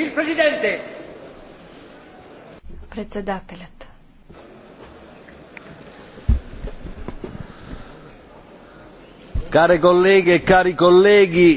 Il Presidente! Председателят. Care colleghe e cari colleghi,